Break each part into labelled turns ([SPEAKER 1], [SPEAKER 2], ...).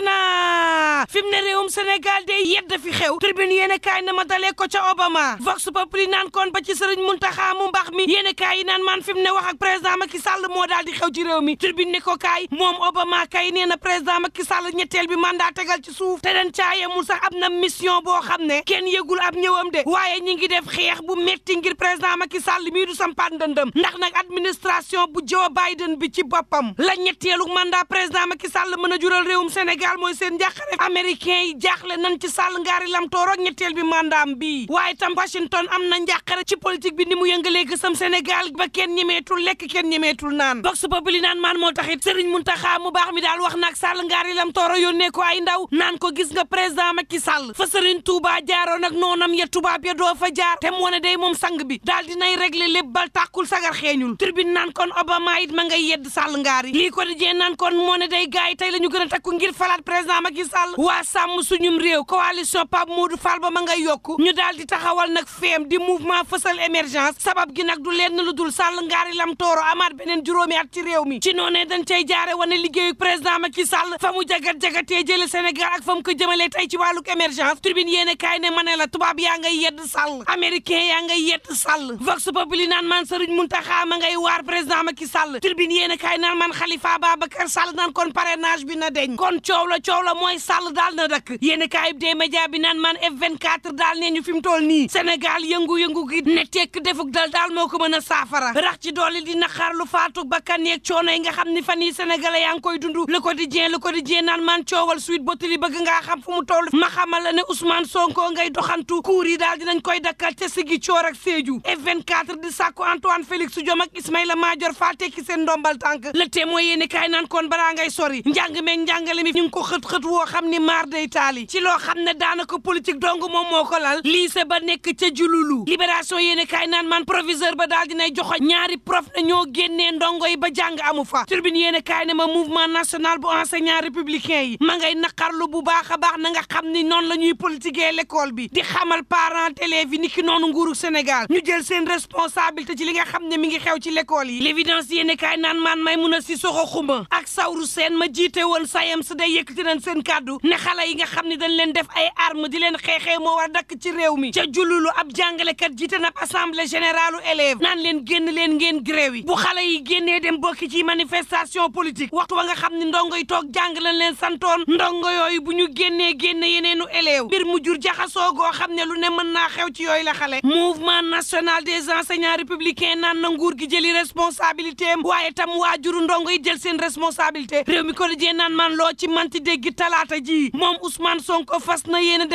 [SPEAKER 1] rawatina fi mu ne réewum Sénégal day yedd fi xew tribune yéen a kaay na ma dalee ko ca Obama vox populi naan kon ba ci sëriñ Muntaxa mu mbaax mi yéen a kaay yi naan man fi mu ne wax ak président Macky Sall moo daal di xew ci réew mi tribune ne ko kaay moom Obama kay nee na président Macky Sall ñetteel bi mandat tegal ci suuf te den caayamul sax am na mission boo xam ne kenn yëgul ab ñëwam de waaye ñi ngi def xeex bu metti ngir président Macky Sall mii du sampaat ndëndëm ndax nag administration bu Joe Biden bi ci boppam la ñetteelu mandat président Macky Sall mën a jural réewum Sénégal Sénégal mooy seen njàqare américain yi jaaxle nañ ci Sall ngaari lam tooroog ñetteel bi mandaam bi waaye tam Washington am na njàqare ci politique bi ni mu yëngalee gësam Sénégal ba kenn ñemeetul lekk kenn ñemeetul naan vox populi naan maan moo taxit Serigne Mountakha mu baax mi daal wax naag Sall ngaari lam tooro yónnee ko ay ndaw naan ko gis nga président Macky Sall fa Serigne Touba jaaroon noonam ya tubaab ya doo jaar te mu day moom sang bi daal dinay régler lépp bal tàkkul sagar xeeñul tribune naan kon Obama it ma ngay yedd Sall ngaari lii ko di jee naan kon moo ne day a xalaat président Macky Sall waa sàmm suñum réew coalition Pape Modou Fall ba ma ngay yokk ñu daal di taxawal nag feem di mouvement fësal émergence sabab gi nag du lenn lu dul Sall ngaari lam tooro amaat beneen juróomi at ci réew mi ci noonee dañ cay jaare wane liggéeyu président Macky Sall fa mu jagat-jagatee jële Sénégal ak fa mu ko jëmalee tey ci wàlluk émergence tribune yéene kaay ne ma ne la tubaab yaa ngay yedd Sall américain yaa ngay yedd Sall vox populi naan man Serigne Mountakha ma ngay waar président Macky Sall tribune yéene kaay naan man Khalifa Babacar Sall naan kon parrainage bi na deñ kon coow la coow la mooy sàll daal na dakk yéen kaayib dee média bi naan man F24 daal nee ñu fi mu tool nii Sénégal yëngu-yëngu gi ne tekk defuk dal daal moo ko mën a saafara rax ci doole di naqar lu faatu bakkan yeeg coono yi nga xam ni fan yi sénégalais yaa ngi koy dund le quotidien le quotidien naan man coowal suite ba tili bëgg nga xam fu mu toll ma xamal la ne Ousmane Sonko ngay doxantu kuur yi daal dinañ koy dakkal te sigi coor ak Sédhiou F24 di sàkku Antoine Félix Diome ak Ismaïla Madior Fall tekki seen ndombal tànk le témoin yéen kaay naan kon balaa ngay sori njàng ñu ngi ko xët-xët woo xam ni maar day taali ci loo xam ne daanaka politique dong moom ba ba na ñoo a na nga la ñuy politiquer l'école bi di xamal parents d'élèves yi ni ki noonu nguuru Sénégal ñu jël seen responsabilité ci li nga xam ne mi ngi xew ci l'école yi l'évidence yéene kaay naan man may mun a si soxo xuma ak sawru seen ma jiite woon sayem si day yëkkati nañ seen kàddu ne xale yi nga xam ne dañ leen def ay arme di leen xeexee moo war a dakk ci réew mi ca jullulu ab jàngalekat jiite na assemblée générale élève nan leen génn leen ngeen grève yi bu xale yi génnee dem bokki ci manifestation politique waxtu wa nga xam ne ndongo yi toog jàng lañ leen santoon ndongo yooyu bu ñu génnee génne yeneenu élève mbir mu jur jaxasoo goo xam ne lu ne mën naa xew ci yooyu la xale mouvement national des enseignants républicains naan na nguur gi jëli responsabilité am waaye tam waajuru ndongo yi jël seen responsabilité réew mi manti dégg talaata ji moom Ousmane Sonko fas na yéen a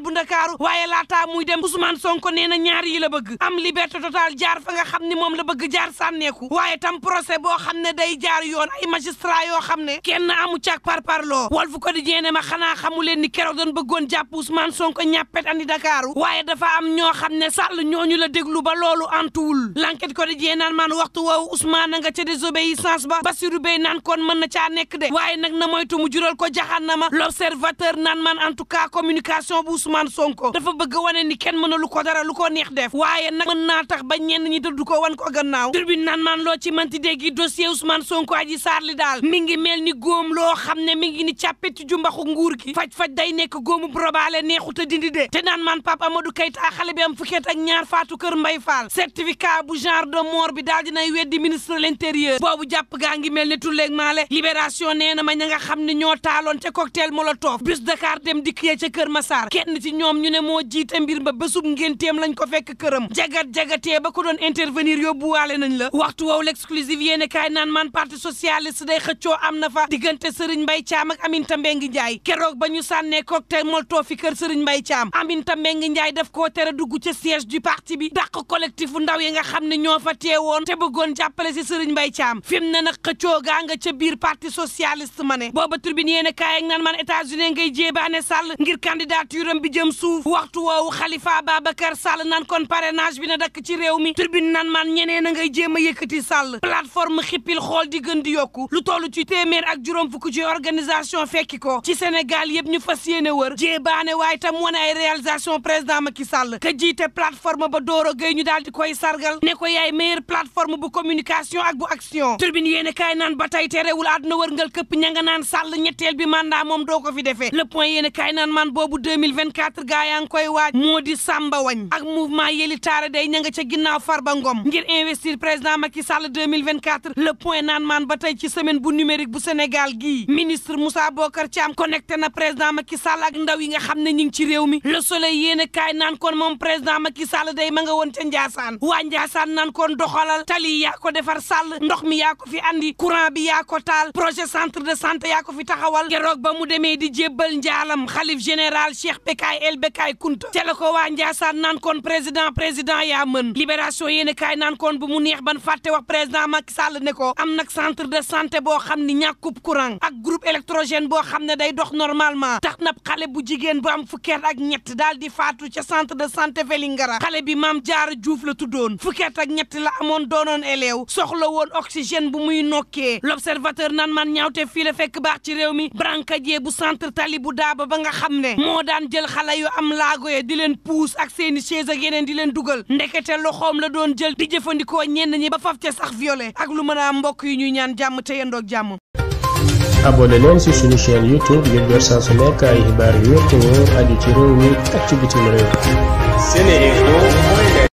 [SPEAKER 1] bu Ndakaaru waaye laataa muy dem Ousmane Sonko nee na yi la bëgg am liberté totale jaar fa nga xam ni moom la bëgg jaar sànneeku waaye tam procès boo xam ne day jaar yoon ay magistrat yoo xam ne kenn amu càk parparloo Walf Quotidien ne ma xanaa xamu leen ni keroog doon bëggoon jàpp Ousmane Sonko ñàppet andi Dakaaru waaye dafa am ñoo xam ne sàll ñooñu la déglu ba loolu antuwul L'Enquête Quotidien naan maan waxtu woowu Ousmane ba Bassirou Bey naan kon mën na caa nekk de waaye nag na jural ko jaxannama l'observateur naan man en tout communication bu Ousmane Sonko dafa bëgg wane ni kenn mëna lu ko dara lu ko neex def waaye nag mën naa tax ba ñenn ñi dëddu ko wan ko gannaaw turbine naan man loo ci manti déggi dossier Ousmane Sonko aji saar li daal mi ngi mel ni goom loo xam ne mi ngi ni càppe ci jumbaxu nguur gi faj-faj day nekk goomu brobaale neexut a dindi de te naan man Pape Amadou Keita xale bi am fukkeet ak ñaar faatu kër Mbay Fall certificat bu genre de mort bi daal dinay weddi ministre l'intérieur boobu jàpp gaa ngi mel ne tulleeg maale libération nee ma ña xam ne ñoo taaloon te cocktail molotov bus Dakar dem dikk ya ca Kër Massar kenn ci ñoom ñu ne moo jiite mbir ba bésub ngénteem lañ ko fekk këram jagat-jagatee ba ko doon intervenir waale nañ la waxtu woow l'exclusive yéene kaay naan man parti socialiste day xëccoo am na fa diggante Serigne Mbaye Thiam ak Aminata Mbengue Ndiaye keroog ba ñu sànnee cocktail molotov fi kër Serigne Mbaye Thiam Aminata ngi Ndiaye daf koo tere dugg ca siège du parti bi dàq collectifu ndaw yi nga xam ne ñoo fa teewoon te bëggoon jàppale si Serigne Mbaye Thiam fi mu ne nag nga ca biir parti socialiste ma ne turbine yéen a kaay ak naan man États-Unis ngay jéebaane Sall ngir candidature am bi jëm suuf waxtu woowu Khalifa Babacar Sall naan kon parrainage bi na dakk ci réew mi turbine naan man ñeneen a ngay jéem a yëkkati Sall plateforme xippil xool di gën di yokku lu toll ci téeméer ak juróom fukk ci organisation fekki ko ci Sénégal yëpp ñu fas yéene wër jéebaane waaye tam wane ay réalisation président Macky Sall ka jiite plateforme ba Doro Gueye ñu daal di koy sargal ne ko yaay meilleure plateforme bu communication bu action turbine a kaay naan ba tey terewul àdduna wërngal këpp ñetteel bi man mandat moom doo ko fi defee le point yéen kaay naan man boobu 2024 gaa yaa ngi koy waaj moo di Samba Wañ ak mouvement yeli taara day ña nga ca ginnaaw Farba Ngom ngir investir président Macky Sall 2024 le point naan man ba tey ci semaine bu numérique bu Sénégal gii ministre Moussa Bokar Thiam connecté na président Macky Sall ak ndaw yi nga xam ne ñu ngi ci réew mi le soleil yéen a kaay naan kon moom président Macky Sall day ma nga woon ca Ndiassane waa Ndiassane naan kon doxalal tali yaa ko defar Sall ndox mi yaa ko fi andi courant bi yaa ko taal projet centre de santé yaa ko fi ñu taxawal keroog ba mu demee di jébbal njaalam xalif général Cheikh Bekaay El Bekaay Kunta te la ko waa Njaasaan naan koon président président yaa mën libération yéeni kaay naan koon bu mu neex ban fàtte wax président Macky Sall ne ko am nag centre de santé boo xam ni ñàkkub courant ak groupe électrogène boo xam ne day dox normalement tax nab xale bu jigéen bu am fukkeet ak ñett daal di faatu ca centre de sante Vélingara xale bi maam jaara juuf la tuddoon fukkeet ak ñett la amoon doonoon élève soxla bu muy nokkee la fekk baax ci réew mi brancadier bu centre tali bu daaba ba nga xam ne moo daan jël xale yu am laago ye di leen puus ak seeni chaise ak yeneen di leen dugal ndekete loxoom la doon jël di jëfandikoo ñenn ñi ba faf ca sax violé ak lu mën a mbokk yi ñuy ñaan jàmm te yendoog jàmm abonné leen ci suñu chaîne youtube ngir jot saa su nekk ay xibaar yu wér te wóor ci réew mi ak ci bitim réew